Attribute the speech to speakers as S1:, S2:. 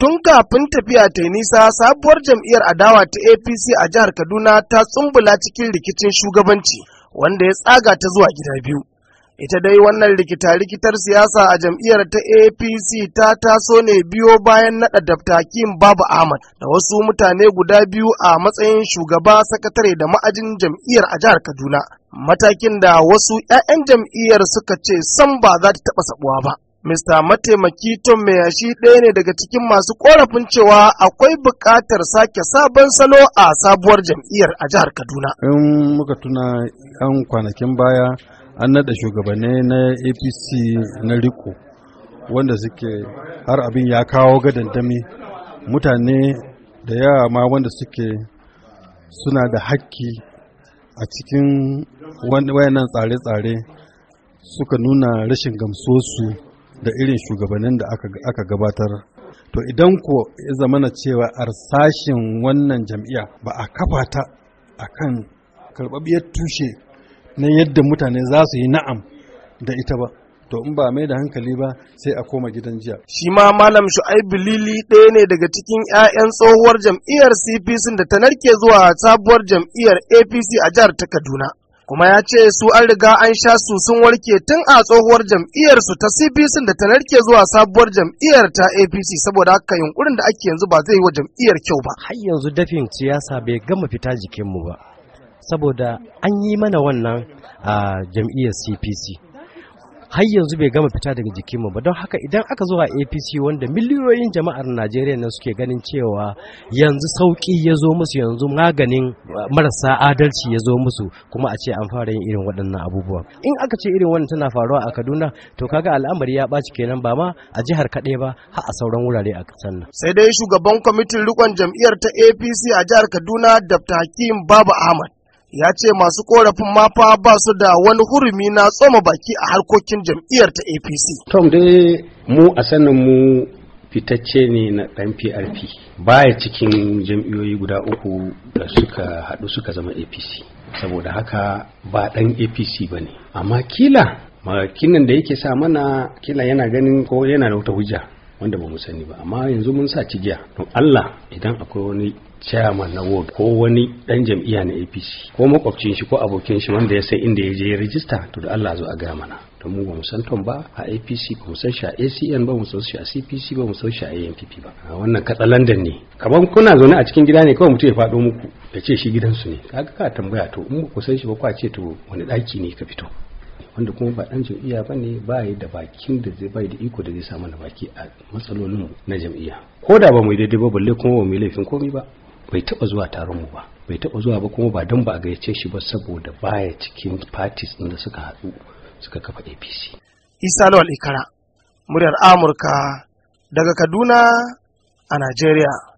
S1: tun kafin tafiya ta nisa sabuwar jam'iyyar adawa ta apc a jihar kaduna ta tsumbula cikin rikicin shugabanci wanda ya tsaga ta zuwa gida biyu ita dai wannan rikita-rikitar siyasa a jam'iyyar ta apc ta taso ne biyo bayan naɗa daftakin babu ahmad da wasu mutane guda biyu a matsayin shugaba sakatare da ma'ajin jam'iyyar a jihar kaduna matakin da wasu 'ya'yan jam'iyyar suka ce san ba za ta taɓa saɓuwa ba Mista mataimaki Tom yashi ɗaya ne daga cikin masu ƙorafin cewa akwai buƙatar sake sabon salo a sabuwar jam'iyyar a jihar
S2: Kaduna. In muka tuna 'yan kwanakin baya an naɗa shugabanni na APC na Riko wanda suke har abin ya kawo gadandami mutane da yawa ma wanda suke suna da hakki a cikin wayannan tsare-tsare suka nuna rashin gamsuwarsu da irin shugabannin da aka gabatar to idan ko ya zamana cewa arsashin wannan jam'iyya ba a kafa ta a kan karɓaɓɓiyar tushe na yadda mutane za su yi na'am da ita ba to in ba mai da hankali ba sai a
S1: koma gidan jiya. Shi ma Malam Shu'aibu Lili ɗaya ne daga cikin 'ya'yan tsohuwar jam'iyyar CPC da ta narke zuwa sabuwar jam'iyyar APC a jihar ta Kaduna. kuma ya ce su an riga an sha su sun warke tun a tsohuwar jam'iyyarsu ta CPC da ta narke zuwa sabuwar jam'iyyar ta APC saboda haka yunkurin da ake yanzu ba zai yi wa jam'iyyar kyau ba.
S3: Har yanzu dafin siyasa bai gama fita jikinmu ba saboda an yi mana wannan a ah, jam'iyyar CPC. har yanzu bai gama fita daga jikinmu ba don haka idan aka zuwa apc wanda miliyoyin jama'ar najeriya na suke ganin cewa yanzu sauki ya zo musu yanzu maganin eh, marasa adalci ya zo musu kuma a ce an fara yin irin waɗannan abubuwa in aka ce irin wannan tana faruwa a kaduna to kaga al'amari ya ɓaci kenan ba ma a jihar kaɗai ba har a sauran wurare a ƙasar nan
S1: sai dai shugaban kwamitin rikon jam'iyyar ta apc a jihar kaduna dr hakim babu ahmad ya ce masu korafin mafa ba su da wani hurumi na tsoma baki a harkokin jam'iyyar ta
S4: apc tom dai mu a sannan mu fitacce ne na ɗan prp baya cikin jam'iyyoyi guda uku da suka haɗu suka zama apc saboda haka ba ɗan apc ba ne amma kila makinan da yake sa mana kila yana ganin ko yana da wata hujja wanda ba mu sani ba amma yanzu mun sa cigiya don Allah idan akwai wani chairman na ward ko wani dan jam'iyya na APC ko makwabcin shi ko abokin shi wanda ya san inda ya je ya rijista to da Allah zo a gaya mana don mu ba mu san ton ba a APC ba mu san shi a ACN ba mu san shi a CPC ba mu san shi a ANPP ba wannan katsalandan ne kaman kuna zaune a cikin gida ne kawai mutum ya faɗo muku ya ce shi gidansu ne kaga ka tambaya to in ba ku san shi ba kwa ce to wani daki ne ka fito wanda kuma ba dan jam'iyya ba ne ba da bakin da zai bai da iko da zai samu na baki a matsalolin na jam'iyya ko da ba mu daidai ba balle kuma ba mu laifin komai ba bai taba zuwa taron mu ba bai taba zuwa ba kuma ba dan ba a gayyace shi ba saboda baya cikin parties din da suka haɗu suka kafa APC
S1: Isa Lawal Ikara muryar Amurka daga Kaduna a Najeriya